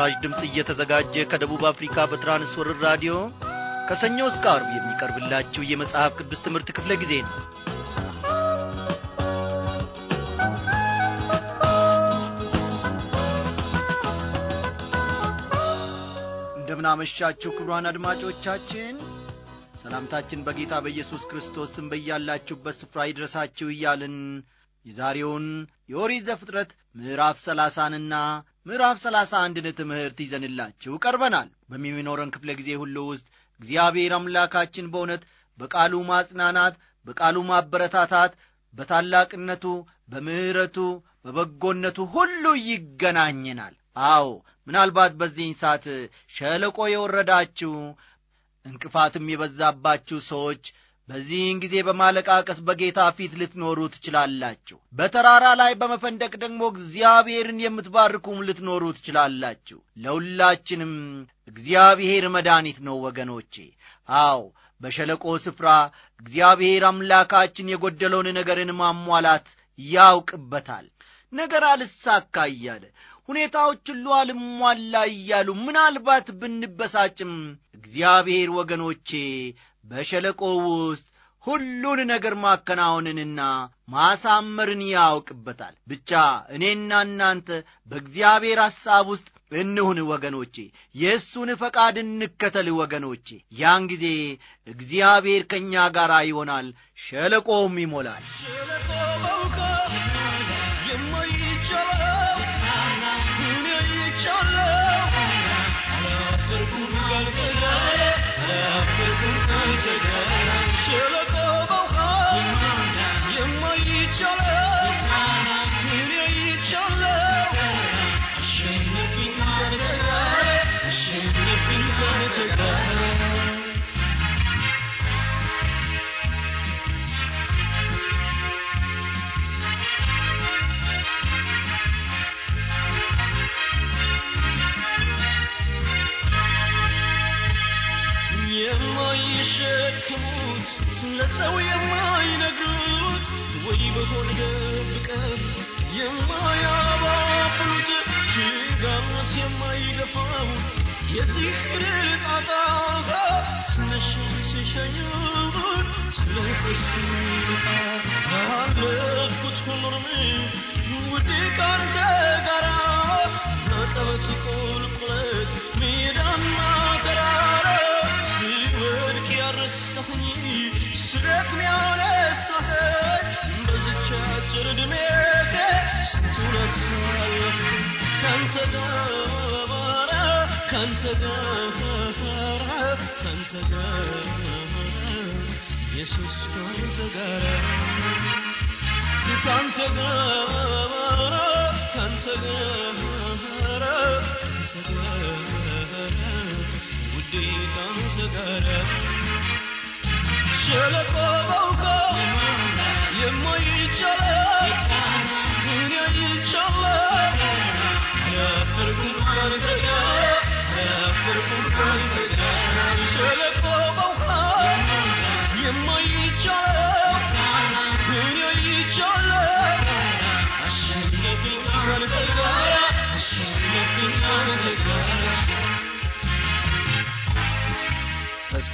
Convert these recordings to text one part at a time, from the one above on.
ለምስራች ድምፅ እየተዘጋጀ ከደቡብ አፍሪካ በትራንስወር ራዲዮ ከሰኞ እስከ አርብ የሚቀርብላችሁ የመጽሐፍ ቅዱስ ትምህርት ክፍለ ጊዜ ነው እንደምናመሻችሁ ክብሯን አድማጮቻችን ሰላምታችን በጌታ በኢየሱስ ክርስቶስ ስም በያላችሁበት ስፍራ ይድረሳችሁ እያልን የዛሬውን የኦሪት ዘፍጥረት ምዕራፍ ሰላሳንና ምዕራፍ ሰላሳ አንድን ትምህርት ይዘንላችሁ ቀርበናል። በሚኖረን ክፍለ ጊዜ ሁሉ ውስጥ እግዚአብሔር አምላካችን በእውነት በቃሉ ማጽናናት፣ በቃሉ ማበረታታት፣ በታላቅነቱ፣ በምሕረቱ፣ በበጎነቱ ሁሉ ይገናኘናል። አዎ ምናልባት በዚህን ሰዓት ሸለቆ የወረዳችሁ እንቅፋትም የበዛባችሁ ሰዎች በዚህን ጊዜ በማለቃቀስ በጌታ ፊት ልትኖሩ ትችላላችሁ። በተራራ ላይ በመፈንደቅ ደግሞ እግዚአብሔርን የምትባርኩም ልትኖሩ ትችላላችሁ። ለሁላችንም እግዚአብሔር መድኃኒት ነው ወገኖቼ። አዎ በሸለቆ ስፍራ እግዚአብሔር አምላካችን የጎደለውን ነገርን ማሟላት ያውቅበታል። ነገር አልሳካ እያለ ሁኔታዎች ሁሉ አልሟላ እያሉ ምናልባት ብንበሳጭም እግዚአብሔር ወገኖቼ በሸለቆ ውስጥ ሁሉን ነገር ማከናወንንና ማሳመርን ያውቅበታል። ብቻ እኔና እናንተ በእግዚአብሔር ሐሳብ ውስጥ እንሁን ወገኖቼ፣ የእሱን ፈቃድ እንከተል ወገኖቼ። ያን ጊዜ እግዚአብሔር ከእኛ ጋር ይሆናል፣ ሸለቆውም ይሞላል። يما يشكموت ለሰው የማይነግሩት ወይ በሆነ ደብቀው የማያባብሉት ችጋት የማይገፋው یچ پھر اڑتا تا سمشیش شجنور سلفسی تا نار لگت کھول نرم نو تے کار تے گرا نہ تو چول کول کلمیرن ما ترا سی ود کیار سکھنی سڑک میلے سوتے بوجہ Shall I go? You might tell.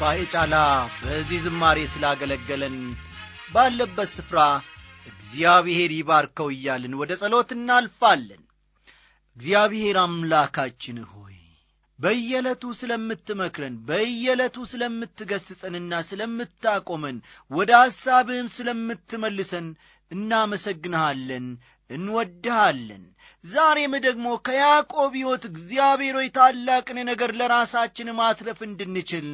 ፋዬ ጫላ በዚህ ዝማሬ ስላገለገለን ባለበት ስፍራ እግዚአብሔር ይባርከው እያልን ወደ ጸሎት እናልፋለን። እግዚአብሔር አምላካችን ሆይ በየዕለቱ ስለምትመክረን በየዕለቱ ስለምትገስጸንና ስለምታቆመን ወደ ሐሳብህም ስለምትመልሰን እናመሰግንሃለን እንወድሃለን። ዛሬም ደግሞ ከያዕቆብ ሕይወት እግዚአብሔር ሆይ ታላቅን ነገር ለራሳችን ማትረፍ እንድንችል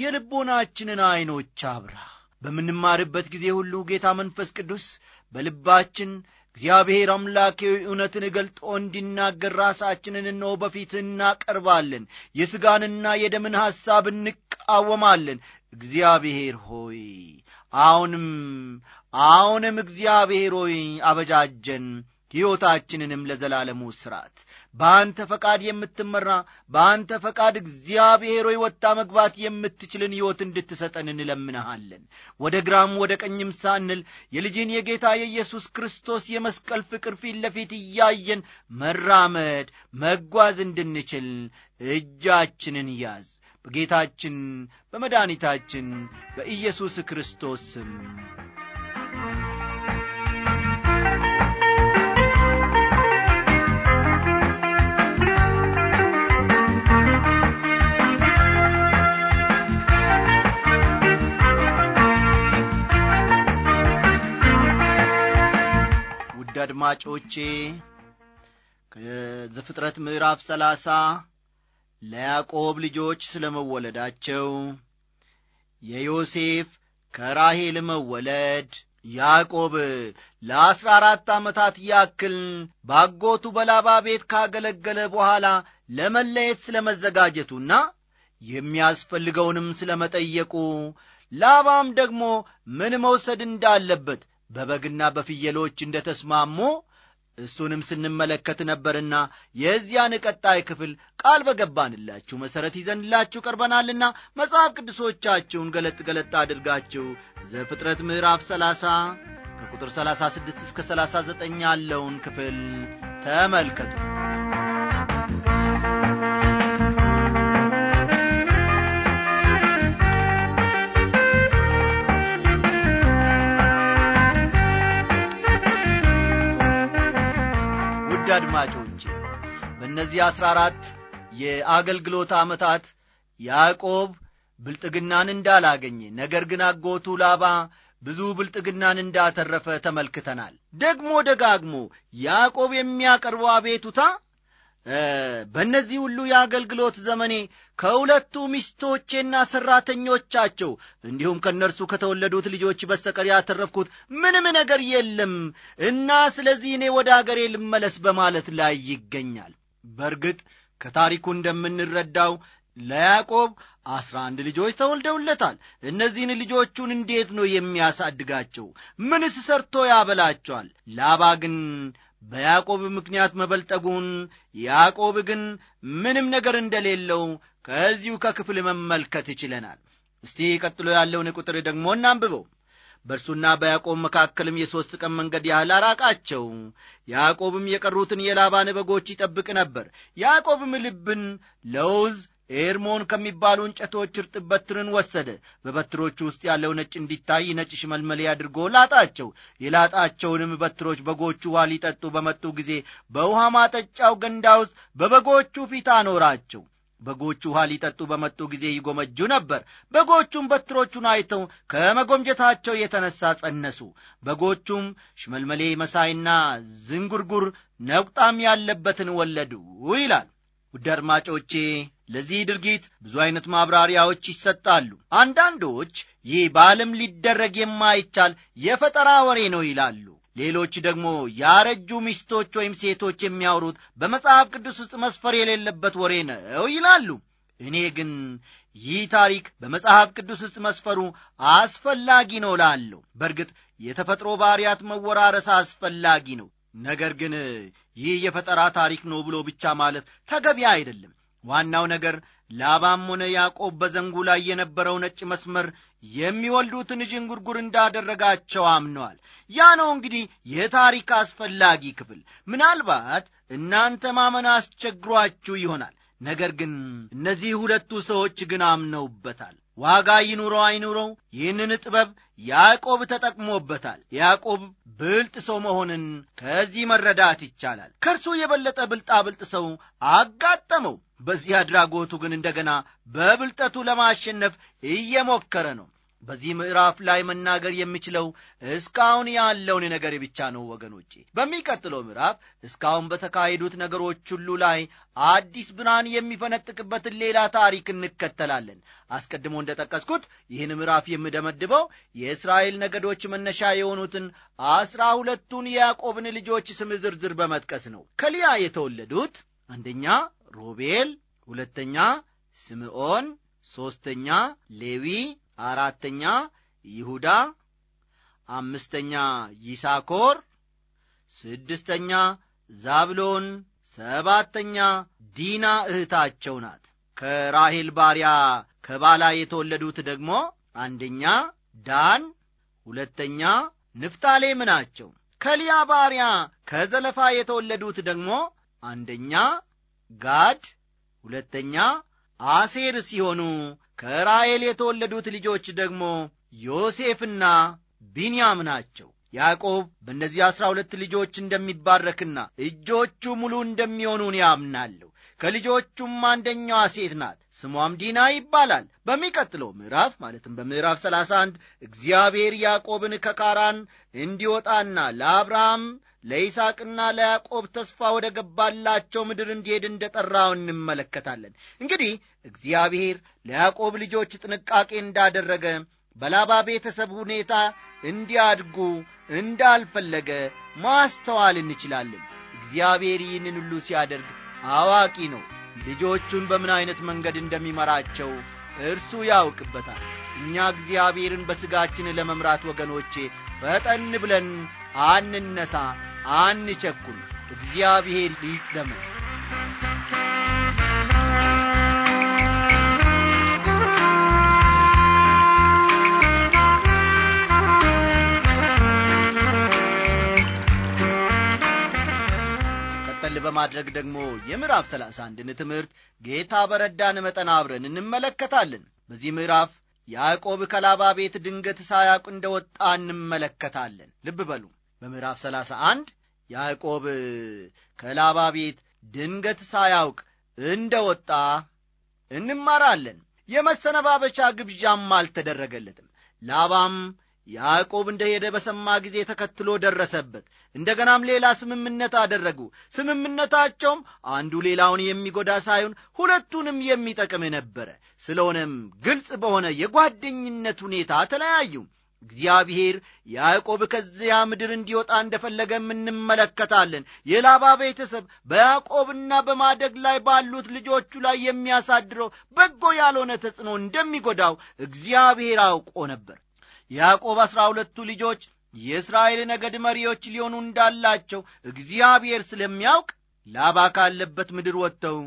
የልቦናችንን ዐይኖች አብራ። በምንማርበት ጊዜ ሁሉ ጌታ መንፈስ ቅዱስ በልባችን እግዚአብሔር አምላኬ እውነትን ገልጦ እንዲናገር ራሳችንን እነሆ በፊት እናቀርባለን። የሥጋንና የደምን ሐሳብ እንቃወማለን። እግዚአብሔር ሆይ አሁንም አሁንም እግዚአብሔር ሆይ አበጃጀን ሕይወታችንንም ለዘላለሙ ሥርዓት በአንተ ፈቃድ የምትመራ በአንተ ፈቃድ እግዚአብሔር ሆይ ወጣ መግባት የምትችልን ሕይወት እንድትሰጠን እንለምንሃለን። ወደ ግራም ወደ ቀኝም ሳንል የልጅን የጌታ የኢየሱስ ክርስቶስ የመስቀል ፍቅር ፊት ለፊት እያየን መራመድ መጓዝ እንድንችል እጃችንን ያዝ። በጌታችን በመድኃኒታችን በኢየሱስ ክርስቶስ ስም አድማጮቼ ከዘፍጥረት ምዕራፍ ሰላሳ ለያዕቆብ ልጆች ስለ መወለዳቸው፣ የዮሴፍ ከራሔል መወለድ ያዕቆብ ለአሥራ አራት ዓመታት ያክል ባጎቱ በላባ ቤት ካገለገለ በኋላ ለመለየት ስለ መዘጋጀቱና የሚያስፈልገውንም ስለ መጠየቁ ላባም ደግሞ ምን መውሰድ እንዳለበት በበግና በፍየሎች እንደ ተስማሙ እሱንም ስንመለከት ነበርና የዚያን ቀጣይ ክፍል ቃል በገባንላችሁ መሠረት ይዘንላችሁ ቀርበናልና መጽሐፍ ቅዱሶቻችሁን ገለጥ ገለጥ አድርጋችሁ ዘፍጥረት ምዕራፍ 30 ከቁጥር 36 እስከ 39 ያለውን ክፍል ተመልከቱ። አሥራ አራት የአገልግሎት ዓመታት ያዕቆብ ብልጥግናን እንዳላገኘ ነገር ግን አጎቱ ላባ ብዙ ብልጥግናን እንዳተረፈ ተመልክተናል። ደግሞ ደጋግሞ ያዕቆብ የሚያቀርበው አቤቱታ በእነዚህ ሁሉ የአገልግሎት ዘመኔ ከሁለቱ ሚስቶቼና ሠራተኞቻቸው እንዲሁም ከእነርሱ ከተወለዱት ልጆች በስተቀር ያተረፍኩት ምንም ነገር የለም እና ስለዚህ እኔ ወደ አገሬ ልመለስ በማለት ላይ ይገኛል። በእርግጥ ከታሪኩ እንደምንረዳው ለያዕቆብ አስራ አንድ ልጆች ተወልደውለታል። እነዚህን ልጆቹን እንዴት ነው የሚያሳድጋቸው? ምንስ ሰርቶ ያበላቸዋል? ላባ ግን በያዕቆብ ምክንያት መበልጠጉን፣ ያዕቆብ ግን ምንም ነገር እንደሌለው ከዚሁ ከክፍል መመልከት ይችለናል። እስቲ ቀጥሎ ያለውን ቁጥር ደግሞ እናንብበው። በእርሱና በያዕቆብ መካከልም የሦስት ቀን መንገድ ያህል አራቃቸው። ያዕቆብም የቀሩትን የላባን በጎች ይጠብቅ ነበር። ያዕቆብም ልብን ለውዝ ኤርሞን ከሚባሉ እንጨቶች እርጥብ በትርን ወሰደ። በበትሮቹ ውስጥ ያለው ነጭ እንዲታይ ነጭ ሽመልመሌ አድርጎ ላጣቸው። የላጣቸውንም በትሮች በጎቹ ውኃ ሊጠጡ በመጡ ጊዜ በውሃ ማጠጫው ገንዳ ውስጥ በበጎቹ ፊት አኖራቸው። በጎቹ ውሃ ሊጠጡ በመጡ ጊዜ ይጎመጁ ነበር። በጎቹም በትሮቹን አይተው ከመጎምጀታቸው የተነሳ ጸነሱ። በጎቹም ሽመልመሌ መሳይና ዝንጉርጉር ነቁጣም ያለበትን ወለዱ ይላል። ውድ አድማጮቼ ለዚህ ድርጊት ብዙ አይነት ማብራሪያዎች ይሰጣሉ። አንዳንዶች ይህ በዓለም ሊደረግ የማይቻል የፈጠራ ወሬ ነው ይላሉ። ሌሎች ደግሞ ያረጁ ሚስቶች ወይም ሴቶች የሚያወሩት በመጽሐፍ ቅዱስ ውስጥ መስፈር የሌለበት ወሬ ነው ይላሉ። እኔ ግን ይህ ታሪክ በመጽሐፍ ቅዱስ ውስጥ መስፈሩ አስፈላጊ ነው ላለሁ። በእርግጥ የተፈጥሮ ባሕርያት መወራረስ አስፈላጊ ነው። ነገር ግን ይህ የፈጠራ ታሪክ ነው ብሎ ብቻ ማለፍ ተገቢ አይደለም። ዋናው ነገር ላባም ሆነ ያዕቆብ በዘንጉ ላይ የነበረው ነጭ መስመር የሚወልዱትን ዥንጉርጉር እንዳደረጋቸው አምነዋል። ያ ነው እንግዲህ የታሪክ አስፈላጊ ክፍል። ምናልባት እናንተ ማመን አስቸግሯችሁ ይሆናል። ነገር ግን እነዚህ ሁለቱ ሰዎች ግን አምነውበታል። ዋጋ ይኑረው አይኑረው፣ ይህንን ጥበብ ያዕቆብ ተጠቅሞበታል። ያዕቆብ ብልጥ ሰው መሆንን ከዚህ መረዳት ይቻላል። ከእርሱ የበለጠ ብልጣ ብልጥ ሰው አጋጠመው። በዚህ አድራጎቱ ግን እንደገና በብልጠቱ ለማሸነፍ እየሞከረ ነው። በዚህ ምዕራፍ ላይ መናገር የሚችለው እስካሁን ያለውን ነገር ብቻ ነው ወገኖቼ። በሚቀጥለው ምዕራፍ እስካሁን በተካሄዱት ነገሮች ሁሉ ላይ አዲስ ብርሃን የሚፈነጥቅበትን ሌላ ታሪክ እንከተላለን። አስቀድሞ እንደ ጠቀስኩት ይህን ምዕራፍ የምደመድበው የእስራኤል ነገዶች መነሻ የሆኑትን አስራ ሁለቱን የያዕቆብን ልጆች ስም ዝርዝር በመጥቀስ ነው። ከሊያ የተወለዱት አንደኛ ሮቤል፣ ሁለተኛ ስምዖን፣ ሦስተኛ ሌዊ፣ አራተኛ ይሁዳ፣ አምስተኛ ይሳኮር፣ ስድስተኛ ዛብሎን፣ ሰባተኛ ዲና እህታቸው ናት። ከራሄል ባሪያ ከባላ የተወለዱት ደግሞ አንደኛ ዳን፣ ሁለተኛ ንፍታሌም ናቸው። ከሊያ ባሪያ ከዘለፋ የተወለዱት ደግሞ አንደኛ ጋድ፣ ሁለተኛ አሴር ሲሆኑ ከራኤል የተወለዱት ልጆች ደግሞ ዮሴፍና ቢንያም ናቸው። ያዕቆብ በእነዚህ አሥራ ሁለት ልጆች እንደሚባረክና እጆቹ ሙሉ እንደሚሆኑ እኔ አምናለሁ። ከልጆቹም አንደኛዋ ሴት ናት፣ ስሟም ዲና ይባላል። በሚቀጥለው ምዕራፍ ማለትም በምዕራፍ 31 እግዚአብሔር ያዕቆብን ከካራን እንዲወጣና ለአብርሃም ለይስሐቅና ለያዕቆብ ተስፋ ወደ ገባላቸው ምድር እንዲሄድ እንደ ጠራው እንመለከታለን። እንግዲህ እግዚአብሔር ለያዕቆብ ልጆች ጥንቃቄ እንዳደረገ በላባ ቤተሰብ ሁኔታ እንዲያድጉ እንዳልፈለገ ማስተዋል እንችላለን። እግዚአብሔር ይህንን ሁሉ ሲያደርግ አዋቂ ነው። ልጆቹን በምን ዐይነት መንገድ እንደሚመራቸው እርሱ ያውቅበታል። እኛ እግዚአብሔርን በሥጋችን ለመምራት ወገኖቼ ፈጠን ብለን አንነሳ። አንቸኩል። እግዚአብሔር ይቅደመን። ቀጠል በማድረግ ደግሞ የምዕራፍ 31ን ትምህርት ጌታ በረዳን መጠን አብረን እንመለከታለን። በዚህ ምዕራፍ ያዕቆብ ከላባ ቤት ድንገት ሳያውቅ እንደወጣ እንመለከታለን። ልብ በሉ በምዕራፍ 31 ያዕቆብ ከላባ ቤት ድንገት ሳያውቅ እንደ ወጣ እንማራለን። የመሰነባበቻ ግብዣም አልተደረገለትም። ላባም ያዕቆብ እንደ ሄደ በሰማ ጊዜ ተከትሎ ደረሰበት። እንደ ገናም ሌላ ስምምነት አደረጉ። ስምምነታቸውም አንዱ ሌላውን የሚጎዳ ሳይሆን ሁለቱንም የሚጠቅም ነበረ። ስለሆነም ግልጽ በሆነ የጓደኝነት ሁኔታ ተለያዩ። እግዚአብሔር ያዕቆብ ከዚያ ምድር እንዲወጣ እንደፈለገም እንመለከታለን። የላባ ቤተሰብ በያዕቆብና በማደግ ላይ ባሉት ልጆቹ ላይ የሚያሳድረው በጎ ያልሆነ ተጽዕኖ እንደሚጎዳው እግዚአብሔር አውቆ ነበር። ያዕቆብ አሥራ ሁለቱ ልጆች የእስራኤል ነገድ መሪዎች ሊሆኑ እንዳላቸው እግዚአብሔር ስለሚያውቅ ላባ ካለበት ምድር ወጥተው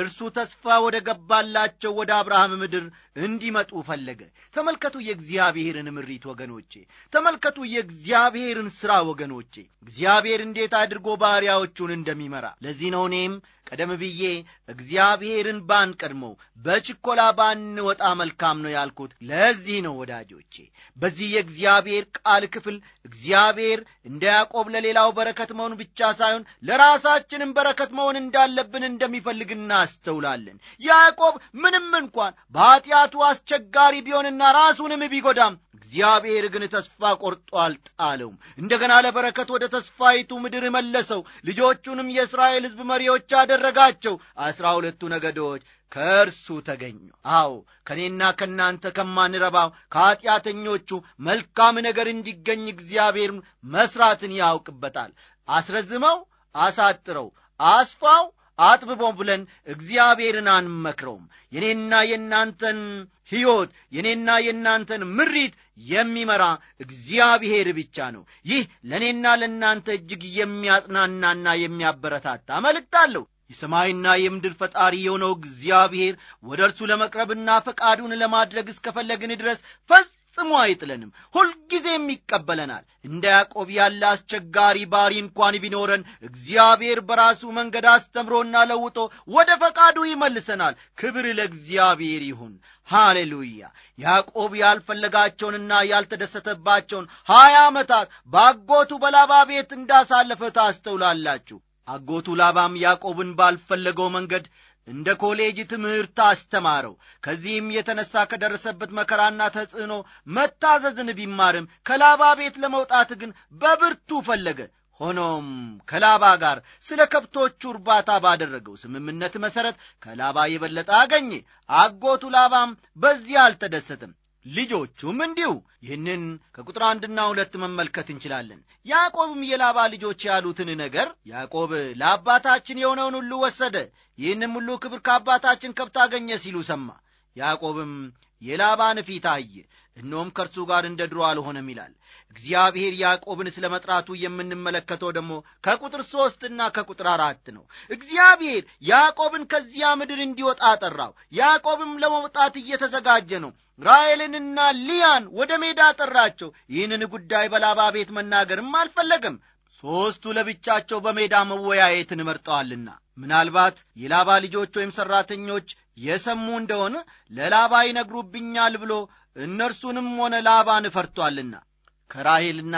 እርሱ ተስፋ ወደ ገባላቸው ወደ አብርሃም ምድር እንዲመጡ ፈለገ። ተመልከቱ የእግዚአብሔርን ምሪት ወገኖቼ፣ ተመልከቱ የእግዚአብሔርን ሥራ ወገኖቼ፣ እግዚአብሔር እንዴት አድርጎ ባሪያዎቹን እንደሚመራ። ለዚህ ነው እኔም ቀደም ብዬ እግዚአብሔርን ባንቀድመው በችኮላ ባንወጣ መልካም ነው ያልኩት። ለዚህ ነው ወዳጆቼ፣ በዚህ የእግዚአብሔር ቃል ክፍል እግዚአብሔር እንደ ያዕቆብ ለሌላው በረከት መሆን ብቻ ሳይሆን ለራሳችንም በረከት መሆን እንዳለብን እንደሚፈልግን። እናስተውላለን። ያዕቆብ ምንም እንኳን በኀጢአቱ አስቸጋሪ ቢሆንና ራሱንም ቢጎዳም እግዚአብሔር ግን ተስፋ ቆርጦ አልጣለውም። እንደገና ለበረከት ወደ ተስፋይቱ ምድር መለሰው። ልጆቹንም የእስራኤል ሕዝብ መሪዎች አደረጋቸው። አስራ ሁለቱ ነገዶች ከእርሱ ተገኙ። አዎ ከእኔና ከእናንተ ከማንረባው ከኀጢአተኞቹ መልካም ነገር እንዲገኝ እግዚአብሔር መስራትን ያውቅበታል። አስረዝመው፣ አሳጥረው፣ አስፋው አጥብቦ ብለን እግዚአብሔርን አንመክረውም። የኔና የእናንተን ሕይወት የኔና የእናንተን ምሪት የሚመራ እግዚአብሔር ብቻ ነው። ይህ ለእኔና ለእናንተ እጅግ የሚያጽናናና የሚያበረታታ መልእክት አለው። የሰማይና የምድር ፈጣሪ የሆነው እግዚአብሔር ወደ እርሱ ለመቅረብና ፈቃዱን ለማድረግ እስከፈለግን ድረስ ፈጽ ፈጽሞ አይጥለንም፣ ሁልጊዜም ይቀበለናል። እንደ ያዕቆብ ያለ አስቸጋሪ ባሪ እንኳን ቢኖረን እግዚአብሔር በራሱ መንገድ አስተምሮና ለውጦ ወደ ፈቃዱ ይመልሰናል። ክብር ለእግዚአብሔር ይሁን። ሃሌሉያ! ያዕቆብ ያልፈለጋቸውንና ያልተደሰተባቸውን ሀያ ዓመታት በአጎቱ በላባ ቤት እንዳሳለፈ ታስተውላላችሁ። አጎቱ ላባም ያዕቆብን ባልፈለገው መንገድ እንደ ኮሌጅ ትምህርት አስተማረው። ከዚህም የተነሳ ከደረሰበት መከራና ተጽዕኖ መታዘዝን ቢማርም ከላባ ቤት ለመውጣት ግን በብርቱ ፈለገ። ሆኖም ከላባ ጋር ስለ ከብቶቹ እርባታ ባደረገው ስምምነት መሠረት ከላባ የበለጠ አገኘ። አጎቱ ላባም በዚህ አልተደሰትም። ልጆቹም እንዲሁ ይህንን ከቁጥር አንድና ሁለት መመልከት እንችላለን ያዕቆብም የላባ ልጆች ያሉትን ነገር ያዕቆብ ለአባታችን የሆነውን ሁሉ ወሰደ ይህንም ሁሉ ክብር ከአባታችን ከብት አገኘ ሲሉ ሰማ ያዕቆብም የላባን ፊት አየ፣ እኖም ከእርሱ ጋር እንደ ድሮ አልሆነም ይላል። እግዚአብሔር ያዕቆብን ስለ መጥራቱ የምንመለከተው ደግሞ ከቁጥር ሦስትና ከቁጥር አራት ነው። እግዚአብሔር ያዕቆብን ከዚያ ምድር እንዲወጣ ጠራው። ያዕቆብም ለመውጣት እየተዘጋጀ ነው። ራኤልንና ሊያን ወደ ሜዳ ጠራቸው። ይህንን ጉዳይ በላባ ቤት መናገርም አልፈለገም። ሦስቱ ለብቻቸው በሜዳ መወያየትን መርጠዋልና ምናልባት የላባ ልጆች ወይም ሠራተኞች የሰሙ እንደሆነ ለላባ ይነግሩብኛል ብሎ እነርሱንም ሆነ ላባን እፈርቷልና ከራሄልና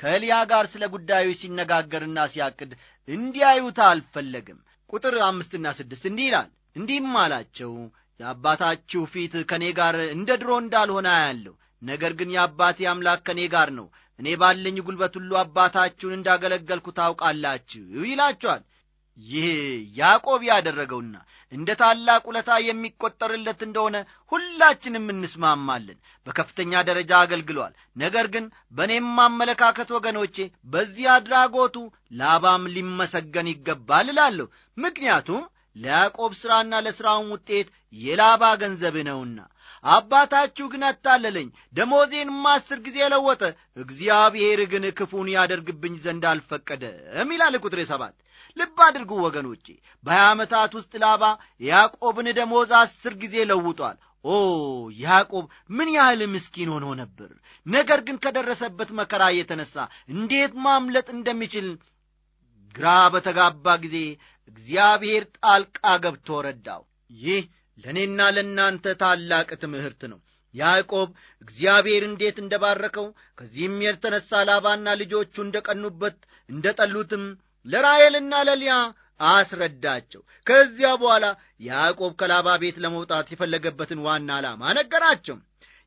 ከልያ ጋር ስለ ጉዳዩ ሲነጋገርና ሲያቅድ እንዲያዩት አልፈለግም። ቁጥር አምስትና ስድስት እንዲህ ይላል፣ እንዲህም አላቸው የአባታችሁ ፊት ከእኔ ጋር እንደ ድሮ እንዳልሆነ አያለሁ። ነገር ግን የአባቴ አምላክ ከእኔ ጋር ነው። እኔ ባለኝ ጉልበት ሁሉ አባታችሁን እንዳገለገልኩ ታውቃላችሁ ይላችኋል። ይህ ያዕቆብ ያደረገውና እንደ ታላቅ ውለታ የሚቆጠርለት እንደሆነ ሁላችንም እንስማማለን በከፍተኛ ደረጃ አገልግሏል ነገር ግን በእኔም አመለካከት ወገኖቼ በዚህ አድራጎቱ ላባም ሊመሰገን ይገባል እላለሁ ምክንያቱም ለያዕቆብ ሥራና ለሥራውን ውጤት የላባ ገንዘብ ነውና አባታችሁ ግን አታለለኝ፣ ደሞዜንም አስር ጊዜ ለወጠ፣ እግዚአብሔር ግን ክፉን ያደርግብኝ ዘንድ አልፈቀደም ይላል ቁጥር ሰባት። ልብ አድርጉ ወገኖቼ፣ በሀያ ዓመታት ውስጥ ላባ ያዕቆብን ደሞዝ አስር ጊዜ ለውጧል። ኦ ያዕቆብ ምን ያህል ምስኪን ሆኖ ነበር! ነገር ግን ከደረሰበት መከራ የተነሳ እንዴት ማምለጥ እንደሚችል ግራ በተጋባ ጊዜ እግዚአብሔር ጣልቃ ገብቶ ረዳው። ይህ ለእኔና ለእናንተ ታላቅ ትምህርት ነው። ያዕቆብ እግዚአብሔር እንዴት እንደ ባረከው ከዚህም የተነሳ ላባና ልጆቹ እንደ ቀኑበት እንደ ጠሉትም ለራሔልና ለልያ አስረዳቸው። ከዚያ በኋላ ያዕቆብ ከላባ ቤት ለመውጣት የፈለገበትን ዋና ዓላማ ነገራቸው።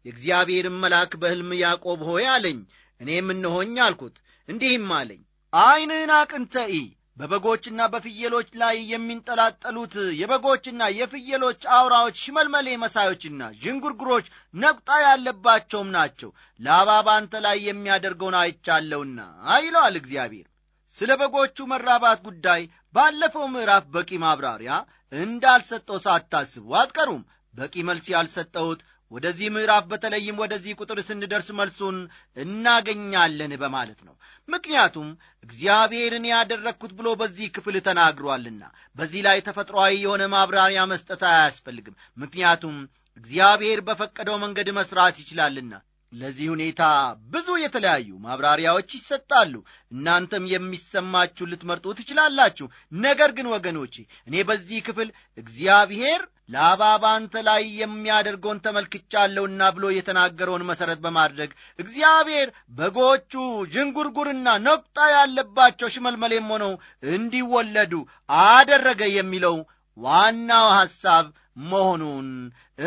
የእግዚአብሔርን መልአክ በሕልም ያዕቆብ ሆይ አለኝ። እኔም እነሆኝ አልኩት። እንዲህም አለኝ፣ ዐይንህን አቅንተ እይ በበጎችና በፍየሎች ላይ የሚንጠላጠሉት የበጎችና የፍየሎች አውራዎች ሽመልመሌ መሳዮችና ዥንጉርጉሮች ነቁጣ ያለባቸውም ናቸው ላባ በአንተ ላይ የሚያደርገውን አይቻለውና ይለዋል እግዚአብሔር ስለ በጎቹ መራባት ጉዳይ ባለፈው ምዕራፍ በቂ ማብራሪያ እንዳልሰጠው ሳታስቡ አትቀሩም በቂ መልስ ያልሰጠሁት ወደዚህ ምዕራፍ በተለይም ወደዚህ ቁጥር ስንደርስ መልሱን እናገኛለን በማለት ነው። ምክንያቱም እግዚአብሔርን ያደረግኩት ብሎ በዚህ ክፍል ተናግሯልና በዚህ ላይ ተፈጥሯዊ የሆነ ማብራሪያ መስጠት አያስፈልግም። ምክንያቱም እግዚአብሔር በፈቀደው መንገድ መስራት ይችላልና ለዚህ ሁኔታ ብዙ የተለያዩ ማብራሪያዎች ይሰጣሉ። እናንተም የሚሰማችሁ ልትመርጡ ትችላላችሁ። ነገር ግን ወገኖቼ እኔ በዚህ ክፍል እግዚአብሔር ላባ በአንተ ላይ የሚያደርገውን ተመልክቻለሁና ብሎ የተናገረውን መሠረት በማድረግ እግዚአብሔር በጎቹ ዥንጉርጉርና ነቁጣ ያለባቸው ሽመልመሌም ሆነው እንዲወለዱ አደረገ የሚለው ዋናው ሐሳብ መሆኑን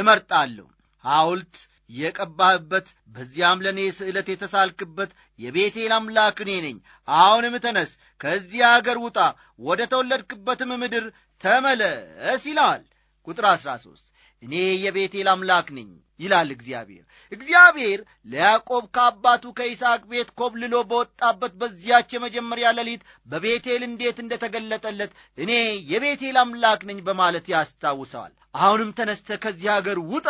እመርጣለሁ። ሐውልት የቀባህበት በዚያም ለእኔ ስዕለት የተሳልክበት የቤቴል አምላክ እኔ ነኝ። አሁንም ተነስ፣ ከዚህ አገር ውጣ፣ ወደ ተወለድክበትም ምድር ተመለስ ይለዋል ቁጥር 13 እኔ የቤቴል አምላክ ነኝ ይላል እግዚአብሔር። እግዚአብሔር ለያዕቆብ ከአባቱ ከይስሐቅ ቤት ኮብልሎ በወጣበት በዚያች የመጀመሪያ ሌሊት በቤቴል እንዴት እንደተገለጠለት እኔ የቤቴል አምላክ ነኝ በማለት ያስታውሰዋል። አሁንም ተነስተ ከዚህ አገር ውጣ፣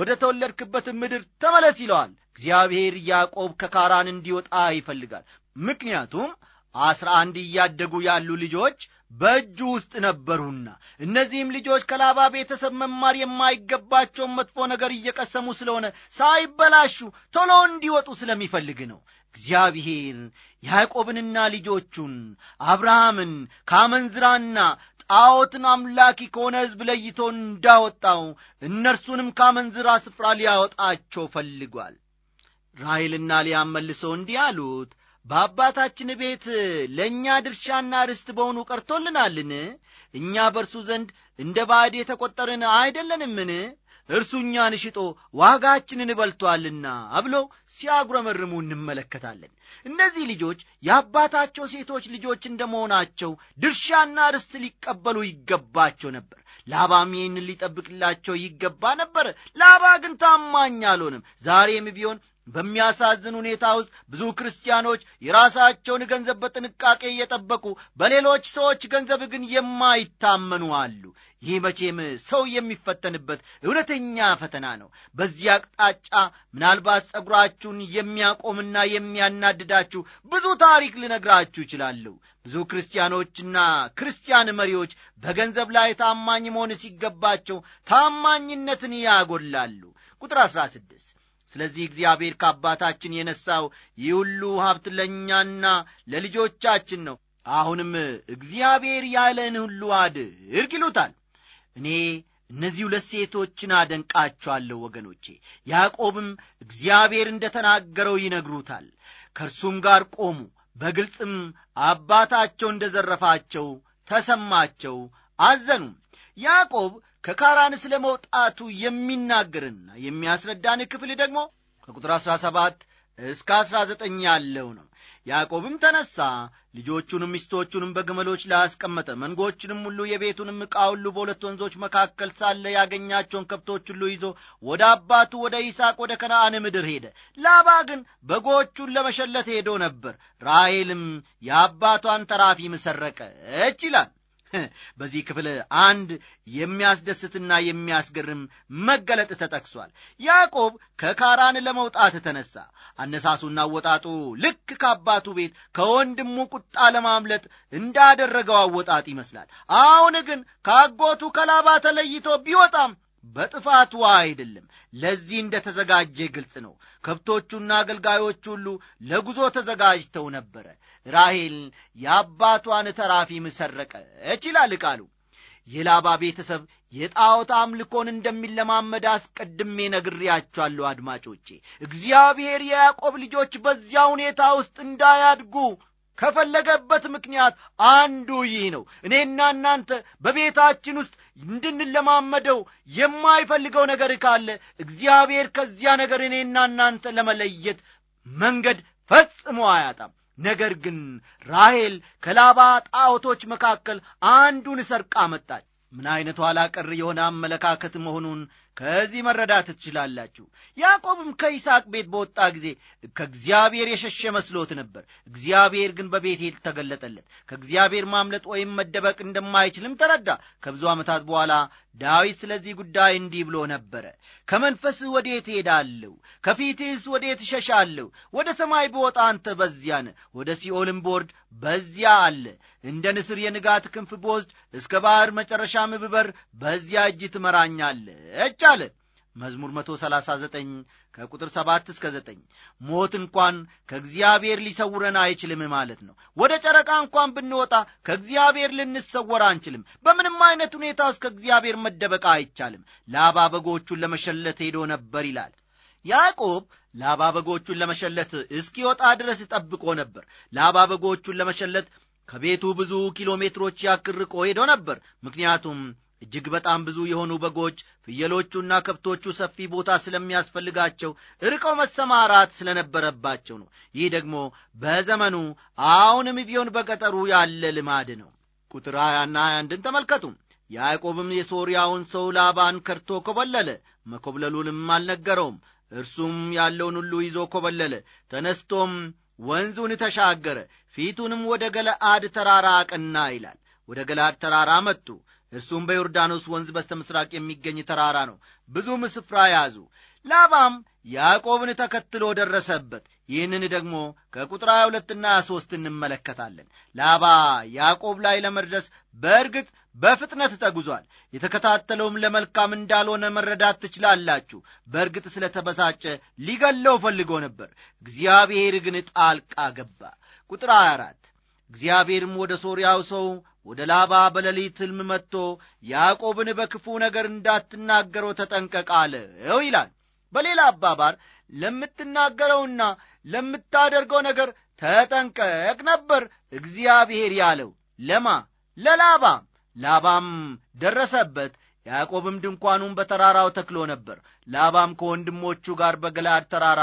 ወደ ተወለድክበት ምድር ተመለስ ይለዋል። እግዚአብሔር ያዕቆብ ከካራን እንዲወጣ ይፈልጋል። ምክንያቱም አስራ አንድ እያደጉ ያሉ ልጆች በእጁ ውስጥ ነበሩና እነዚህም ልጆች ከላባ ቤተሰብ መማር የማይገባቸውን መጥፎ ነገር እየቀሰሙ ስለሆነ ሳይበላሹ ቶሎ እንዲወጡ ስለሚፈልግ ነው። እግዚአብሔር ያዕቆብንና ልጆቹን አብርሃምን ካመንዝራና ጣዖትን አምላኪ ከሆነ ሕዝብ ለይቶ እንዳወጣው እነርሱንም ካመንዝራ ስፍራ ሊያወጣቸው ፈልጓል። ራይልና ሊያመልሰው እንዲህ አሉት በአባታችን ቤት ለእኛ ድርሻና ርስት በሆኑ ቀርቶልናልን? እኛ በእርሱ ዘንድ እንደ ባዕድ የተቈጠርን አይደለንምን? እርሱ እኛን ሽጦ ዋጋችንን በልቶአልና አብሎ ሲያጉረመርሙ እንመለከታለን። እነዚህ ልጆች የአባታቸው ሴቶች ልጆች እንደመሆናቸው ድርሻና ርስት ሊቀበሉ ይገባቸው ነበር። ላባም ይህን ሊጠብቅላቸው ይገባ ነበር። ላባ ግን ታማኝ አልሆንም። ዛሬም ቢሆን በሚያሳዝን ሁኔታ ውስጥ ብዙ ክርስቲያኖች የራሳቸውን ገንዘብ በጥንቃቄ እየጠበቁ በሌሎች ሰዎች ገንዘብ ግን የማይታመኑ አሉ። ይህ መቼም ሰው የሚፈተንበት እውነተኛ ፈተና ነው። በዚህ አቅጣጫ ምናልባት ጸጉራችሁን የሚያቆምና የሚያናድዳችሁ ብዙ ታሪክ ልነግራችሁ ይችላለሁ። ብዙ ክርስቲያኖችና ክርስቲያን መሪዎች በገንዘብ ላይ ታማኝ መሆን ሲገባቸው ታማኝነትን ያጎላሉ። ቁጥር 16 ስለዚህ እግዚአብሔር ከአባታችን የነሳው ይህ ሁሉ ሀብት ለእኛና ለልጆቻችን ነው። አሁንም እግዚአብሔር ያለን ሁሉ አድርግ ይሉታል። እኔ እነዚህ ሁለት ሴቶችን አደንቃቸዋለሁ ወገኖቼ። ያዕቆብም እግዚአብሔር እንደ ተናገረው ይነግሩታል። ከእርሱም ጋር ቆሙ። በግልጽም አባታቸው እንደ ዘረፋቸው ተሰማቸው፣ አዘኑም። ያዕቆብ ከካራን ስለ መውጣቱ የሚናገርና የሚያስረዳን ክፍል ደግሞ ከቁጥር 17 እስከ 19 ያለው ነው። ያዕቆብም ተነሣ፣ ልጆቹንም ሚስቶቹንም በግመሎች ላይ አስቀመጠ። መንጎችንም ሁሉ የቤቱንም ዕቃ ሁሉ በሁለት ወንዞች መካከል ሳለ ያገኛቸውን ከብቶች ሁሉ ይዞ ወደ አባቱ ወደ ይስሐቅ ወደ ከነአን ምድር ሄደ። ላባ ግን በጎቹን ለመሸለት ሄዶ ነበር። ራሔልም የአባቷን ተራፊም ሰረቀች ይላል። በዚህ ክፍል አንድ የሚያስደስትና የሚያስገርም መገለጥ ተጠቅሷል። ያዕቆብ ከካራን ለመውጣት ተነሳ። አነሳሱና አወጣጡ ልክ ከአባቱ ቤት ከወንድሙ ቁጣ ለማምለጥ እንዳደረገው አወጣጥ ይመስላል። አሁን ግን ከአጎቱ ከላባ ተለይቶ ቢወጣም በጥፋቱ አይደለም። ለዚህ እንደ ተዘጋጀ ግልጽ ነው። ከብቶቹና አገልጋዮች ሁሉ ለጉዞ ተዘጋጅተው ነበረ። ራሄል የአባቷን ተራፊ ምሰረቀ እችላል ቃሉ። የላባ ቤተሰብ የጣዖት አምልኮን እንደሚለማመድ አስቀድሜ ነግሬያችኋለሁ አድማጮቼ። እግዚአብሔር የያዕቆብ ልጆች በዚያ ሁኔታ ውስጥ እንዳያድጉ ከፈለገበት ምክንያት አንዱ ይህ ነው። እኔና እናንተ በቤታችን ውስጥ እንድንለማመደው የማይፈልገው ነገር ካለ እግዚአብሔር ከዚያ ነገር እኔና እናንተ ለመለየት መንገድ ፈጽሞ አያጣም። ነገር ግን ራሔል ከላባ ጣዖቶች መካከል አንዱን ሰርቃ መጣች። ምን ዐይነቱ ኋላ ቀር የሆነ አመለካከት መሆኑን ከዚህ መረዳት ትችላላችሁ። ያዕቆብም ከይስሐቅ ቤት በወጣ ጊዜ ከእግዚአብሔር የሸሸ መስሎት ነበር። እግዚአብሔር ግን በቤቴል ተገለጠለት። ከእግዚአብሔር ማምለጥ ወይም መደበቅ እንደማይችልም ተረዳ። ከብዙ ዓመታት በኋላ ዳዊት ስለዚህ ጉዳይ እንዲህ ብሎ ነበረ። ከመንፈስህ ወዴት እሄዳለሁ? ከፊትህስ ወዴት እሸሻለሁ? ወደ ሰማይ ብወጣ አንተ በዚያ ወደ ሲኦልም ብወርድ በዚያ አለ። እንደ ንስር የንጋት ክንፍ ብወስድ፣ እስከ ባሕር መጨረሻም ብበር፣ በዚያ እጅ ትመራኛለች አለ መዝሙር 139 ከቁጥር 7 እስከ 9 ሞት እንኳን ከእግዚአብሔር ሊሰውረን አይችልም ማለት ነው። ወደ ጨረቃ እንኳን ብንወጣ ከእግዚአብሔር ልንሰወር አንችልም። በምንም አይነት ሁኔታ ውስጥ ከእግዚአብሔር መደበቅ አይቻልም። ላባ በጎቹን ለመሸለት ሄዶ ነበር ይላል ያዕቆብ። ላባ በጎቹን ለመሸለት እስኪወጣ ድረስ ጠብቆ ነበር። ላባ በጎቹን ለመሸለት ከቤቱ ብዙ ኪሎ ሜትሮች ያክል ርቆ ሄዶ ነበር። ምክንያቱም እጅግ በጣም ብዙ የሆኑ በጎች፣ ፍየሎቹና ከብቶቹ ሰፊ ቦታ ስለሚያስፈልጋቸው ርቀው መሰማራት ስለነበረባቸው ነው። ይህ ደግሞ በዘመኑ አሁንም ቢሆን በገጠሩ ያለ ልማድ ነው። ቁጥር ሀያና ሀያ አንድን ተመልከቱ። ያዕቆብም የሶርያውን ሰው ላባን ከርቶ ኮበለለ፣ መኮብለሉንም አልነገረውም። እርሱም ያለውን ሁሉ ይዞ ኮበለለ። ተነስቶም ወንዙን ተሻገረ፣ ፊቱንም ወደ ገለአድ ተራራ አቅና ይላል። ወደ ገለአድ ተራራ መጡ። እርሱም በዮርዳኖስ ወንዝ በስተ ምሥራቅ የሚገኝ ተራራ ነው። ብዙም ስፍራ ያዙ። ላባም ያዕቆብን ተከትሎ ደረሰበት። ይህንን ደግሞ ከቁጥር 22ና 3 እንመለከታለን። ላባ ያዕቆብ ላይ ለመድረስ በእርግጥ በፍጥነት ተጉዟል። የተከታተለውም ለመልካም እንዳልሆነ መረዳት ትችላላችሁ። በእርግጥ ስለተበሳጨ ሊገለው ፈልጎ ነበር። እግዚአብሔር ግን ጣልቃ ገባ። ቁጥር 24 እግዚአብሔርም ወደ ሶርያው ሰው ወደ ላባ በሌሊት ሕልም መጥቶ ያዕቆብን በክፉ ነገር እንዳትናገረው ተጠንቀቃለው አለው ይላል። በሌላ አባባል ለምትናገረውና ለምታደርገው ነገር ተጠንቀቅ ነበር እግዚአብሔር ያለው ለማ ለላባ። ላባም ደረሰበት። ያዕቆብም ድንኳኑን በተራራው ተክሎ ነበር። ላባም ከወንድሞቹ ጋር በገላድ ተራራ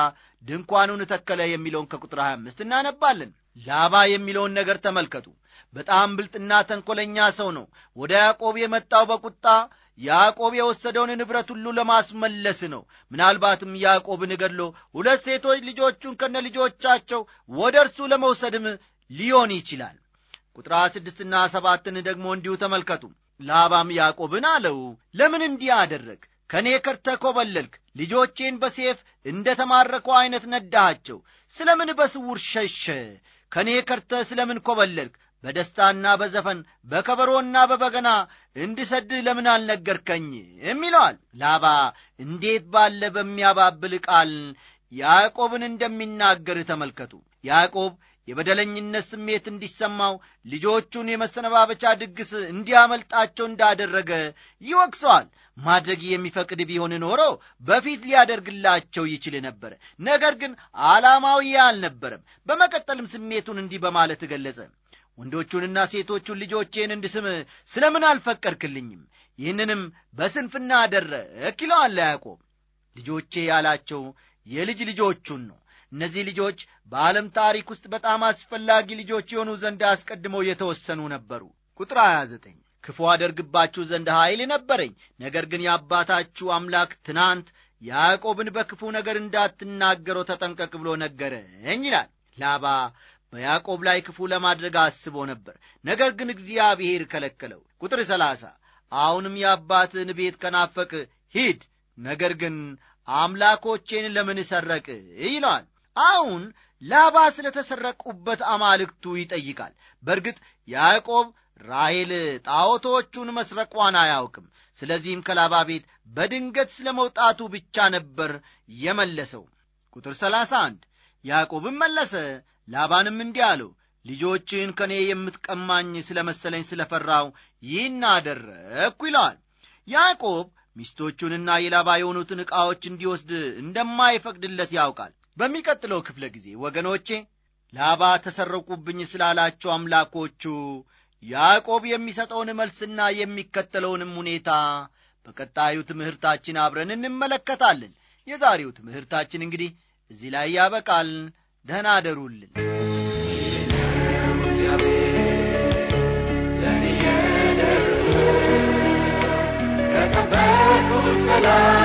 ድንኳኑን ተከለ የሚለውን ከቁጥር 25 እናነባለን። ላባ የሚለውን ነገር ተመልከቱ። በጣም ብልጥና ተንኰለኛ ሰው ነው። ወደ ያዕቆብ የመጣው በቁጣ ያዕቆብ የወሰደውን ንብረት ሁሉ ለማስመለስ ነው። ምናልባትም ያዕቆብን ገድሎ ሁለት ሴቶች ልጆቹን ከነ ልጆቻቸው ወደ እርሱ ለመውሰድም ሊሆን ይችላል። ቁጥራ ስድስትና ሰባትን ደግሞ እንዲሁ ተመልከቱ። ላባም ያዕቆብን አለው፣ ለምን እንዲህ አደረግ? ከእኔ ከርተ ኮበለልክ። ልጆቼን በሴፍ እንደ ተማረኩ ዐይነት ነዳሃቸው። ስለ ምን በስውር ሸሸ? ከእኔ ከርተ ስለ ምን ኮበለልክ? በደስታና በዘፈን በከበሮና በበገና እንድሰድህ ለምን አልነገርከኝም? ይለዋል። ላባ እንዴት ባለ በሚያባብል ቃል ያዕቆብን እንደሚናገር ተመልከቱ። ያዕቆብ የበደለኝነት ስሜት እንዲሰማው ልጆቹን የመሰነባበቻ ድግስ እንዲያመልጣቸው እንዳደረገ ይወቅሰዋል። ማድረግ የሚፈቅድ ቢሆን ኖሮ በፊት ሊያደርግላቸው ይችል ነበር። ነገር ግን ዓላማዊ አልነበረም። በመቀጠልም ስሜቱን እንዲህ በማለት ገለጸ። ወንዶቹንና ሴቶቹን ልጆቼን እንድስም ስለ ምን አልፈቀድክልኝም? ይህንንም በስንፍና አደረክ ይለዋል ያዕቆብ። ልጆቼ ያላቸው የልጅ ልጆቹን ነው። እነዚህ ልጆች በዓለም ታሪክ ውስጥ በጣም አስፈላጊ ልጆች የሆኑ ዘንድ አስቀድመው የተወሰኑ ነበሩ። ቁጥር 29 ክፉ አደርግባችሁ ዘንድ ኃይል ነበረኝ፣ ነገር ግን የአባታችሁ አምላክ ትናንት ያዕቆብን በክፉ ነገር እንዳትናገረው ተጠንቀቅ ብሎ ነገረኝ ይላል። ላባ በያዕቆብ ላይ ክፉ ለማድረግ አስቦ ነበር። ነገር ግን እግዚአብሔር ከለከለው። ቁጥር ሰላሳ አሁንም የአባትን ቤት ከናፈቅ ሂድ፣ ነገር ግን አምላኮቼን ለምን ሰረቅ ይለዋል። አሁን ላባ ስለ ተሰረቁበት አማልክቱ ይጠይቃል። በእርግጥ ያዕቆብ ራሔል ጣዖቶቹን መስረቋን አያውቅም። ስለዚህም ከላባ ቤት በድንገት ስለ መውጣቱ ብቻ ነበር የመለሰው። ቁጥር 31 ያዕቆብም መለሰ ላባንም እንዲህ አለው ልጆችን ከእኔ የምትቀማኝ ስለ መሰለኝ ስለ ፈራው ይህን አደረግኩ ይለዋል ያዕቆብ ሚስቶቹንና የላባ የሆኑትን ዕቃዎች እንዲወስድ እንደማይፈቅድለት ያውቃል በሚቀጥለው ክፍለ ጊዜ ወገኖቼ ላባ ተሰረቁብኝ ስላላቸው አምላኮቹ ያዕቆብ የሚሰጠውን መልስና የሚከተለውንም ሁኔታ በቀጣዩ ትምህርታችን አብረን እንመለከታለን የዛሬው ትምህርታችን እንግዲህ እዚህ ላይ ያበቃል ደህና አደሩልን ለእኔ የደረሰ ከጠበቁት በላይ